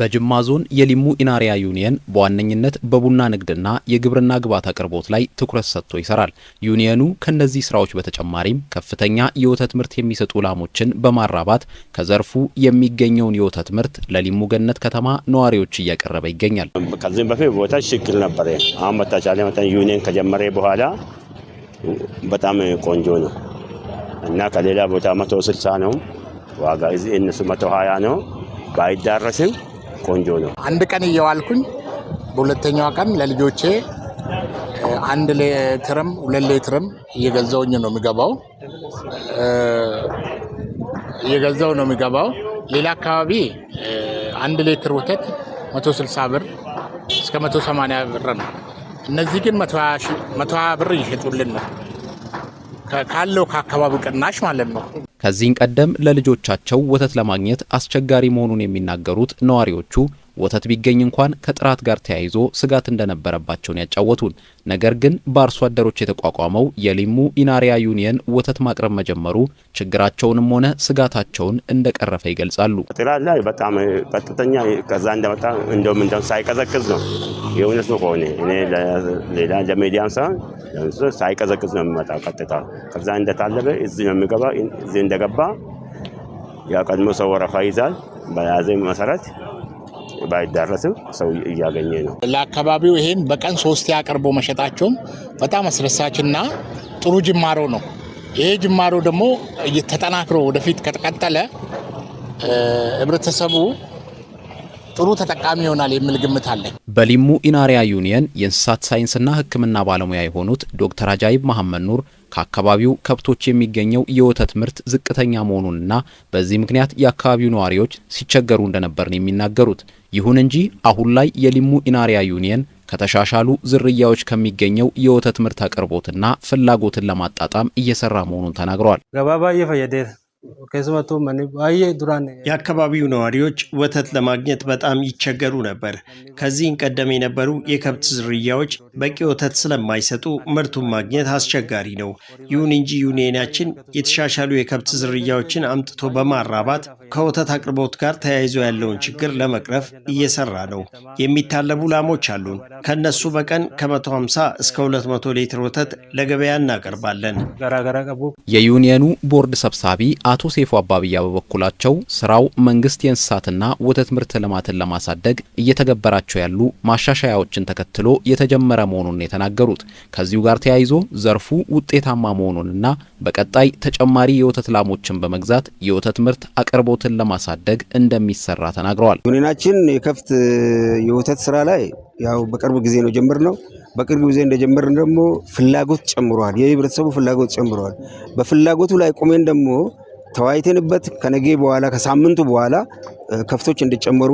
በጅማ ዞን የሊሙ ኢናሪያ ዩኒየን በዋነኝነት በቡና ንግድና የግብርና ግብዓት አቅርቦት ላይ ትኩረት ሰጥቶ ይሰራል። ዩኒየኑ ከነዚህ ስራዎች በተጨማሪም ከፍተኛ የወተት ምርት የሚሰጡ ላሞችን በማራባት ከዘርፉ የሚገኘውን የወተት ምርት ለሊሙ ገነት ከተማ ነዋሪዎች እያቀረበ ይገኛል። ከዚህም በፊት ቦታ ሽግል ነበር። አሁን በተቻለ መጠን ዩኒየን ከጀመረ በኋላ በጣም ቆንጆ ነው እና ከሌላ ቦታ መቶ ስልሳ ነው ዋጋ እነሱ መቶ ሀያ ነው ባይዳረስም ቆንጆ ነው። አንድ ቀን እየዋልኩኝ በሁለተኛዋ ቀን ለልጆቼ አንድ ሌትርም ሁለት ሌትርም እየገዛውኝ ነው የሚገባው እየገዛው ነው የሚገባው። ሌላ አካባቢ አንድ ሌትር ወተት 160 ብር እስከ 180 ብር ነው። እነዚህ ግን 120 ብር ይሸጡልን ነው። ካለው ከአካባቢ ቅናሽ ማለት ነው። ከዚህም ቀደም ለልጆቻቸው ወተት ለማግኘት አስቸጋሪ መሆኑን የሚናገሩት ነዋሪዎቹ ወተት ቢገኝ እንኳን ከጥራት ጋር ተያይዞ ስጋት እንደነበረባቸውን ያጫወቱን፣ ነገር ግን በአርሶ አደሮች የተቋቋመው የሊሙ ኢናሪያ ዩኒየን ወተት ማቅረብ መጀመሩ ችግራቸውንም ሆነ ስጋታቸውን እንደቀረፈ ይገልጻሉ። ጥራት ላይ በጣም ቀጥተኛ ከዛ እንደመጣ እንደውም እንደውም ሳይቀዘቅዝ ነው የእውነት ነው ከሆነ እኔ ሌላ ለሚዲያም ሳይሆን ሳይቀዘቅዝ ነው የሚመጣ ቀጥታ ከዛ እንደታለበ እዚህ ነው የሚገባ እዚህ እንደገባ ያቀድሞ ሰው ወረፋ ይዛል በያዘ መሰረት ባይዳረስም ሰው እያገኘ ነው። ለአካባቢው ይሄን በቀን ሶስት አቅርቦ መሸጣቸውም በጣም አስደሳችና ጥሩ ጅማሮ ነው። ይሄ ጅማሮ ደግሞ ተጠናክሮ ወደፊት ከተቀጠለ ህብረተሰቡ ጥሩ ተጠቃሚ ይሆናል የሚል ግምት አለኝ። በሊሙ ኢናሪያ ዩኒየን የእንስሳት ሳይንስና ሕክምና ባለሙያ የሆኑት ዶክተር አጃይብ መሐመድ ኑር ከአካባቢው ከብቶች የሚገኘው የወተት ምርት ዝቅተኛ መሆኑንና በዚህ ምክንያት የአካባቢው ነዋሪዎች ሲቸገሩ እንደነበር ነው የሚናገሩት። ይሁን እንጂ አሁን ላይ የሊሙ ኢናሪያ ዩኒየን ከተሻሻሉ ዝርያዎች ከሚገኘው የወተት ምርት አቅርቦትና ፍላጎትን ለማጣጣም እየሰራ መሆኑን ተናግረዋል። ገባባ የአካባቢው ነዋሪዎች ወተት ለማግኘት በጣም ይቸገሩ ነበር። ከዚህን ቀደም የነበሩ የከብት ዝርያዎች በቂ ወተት ስለማይሰጡ ምርቱን ማግኘት አስቸጋሪ ነው። ይሁን እንጂ ዩኒየናችን የተሻሻሉ የከብት ዝርያዎችን አምጥቶ በማራባት ከወተት አቅርቦት ጋር ተያይዞ ያለውን ችግር ለመቅረፍ እየሰራ ነው። የሚታለቡ ላሞች አሉን። ከነሱ በቀን ከ150 እስከ 200 ሊትር ወተት ለገበያ እናቀርባለን። የዩኒየኑ ቦርድ ሰብሳቢ አቶ ሴፎ አባብያ በበኩላቸው ስራው መንግስት የእንስሳትና ወተት ምርት ልማትን ለማሳደግ እየተገበራቸው ያሉ ማሻሻያዎችን ተከትሎ የተጀመረ መሆኑን የተናገሩት ከዚሁ ጋር ተያይዞ ዘርፉ ውጤታማ መሆኑንና በቀጣይ ተጨማሪ የወተት ላሞችን በመግዛት የወተት ምርት አቅርቦት የሚሰሩትን ለማሳደግ እንደሚሰራ ተናግረዋል። ዩኒናችን የከፍት የወተት ስራ ላይ ያው በቅርብ ጊዜ ነው ጀምር ነው። በቅርብ ጊዜ እንደጀመርን ደግሞ ፍላጎት ጨምሯል። የህብረተሰቡ ፍላጎት ጨምሯል። በፍላጎቱ ላይ ቁሜን ደግሞ ተወያይተንበት ከነጌ በኋላ ከሳምንቱ በኋላ ከፍቶች እንዲጨመሩ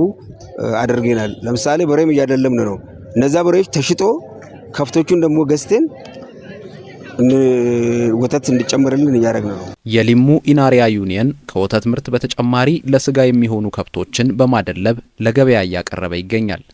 አድርገናል። ለምሳሌ በሬም እያደለምን ነው። እነዛ በሬዎች ተሽጦ ከፍቶቹን ደግሞ ገዝተን ወተት እንዲጨምርልን እያደረግን ነው። የሊሙ ኢናሪያ ዩኒየን ከወተት ምርት በተጨማሪ ለስጋ የሚሆኑ ከብቶችን በማደለብ ለገበያ እያቀረበ ይገኛል።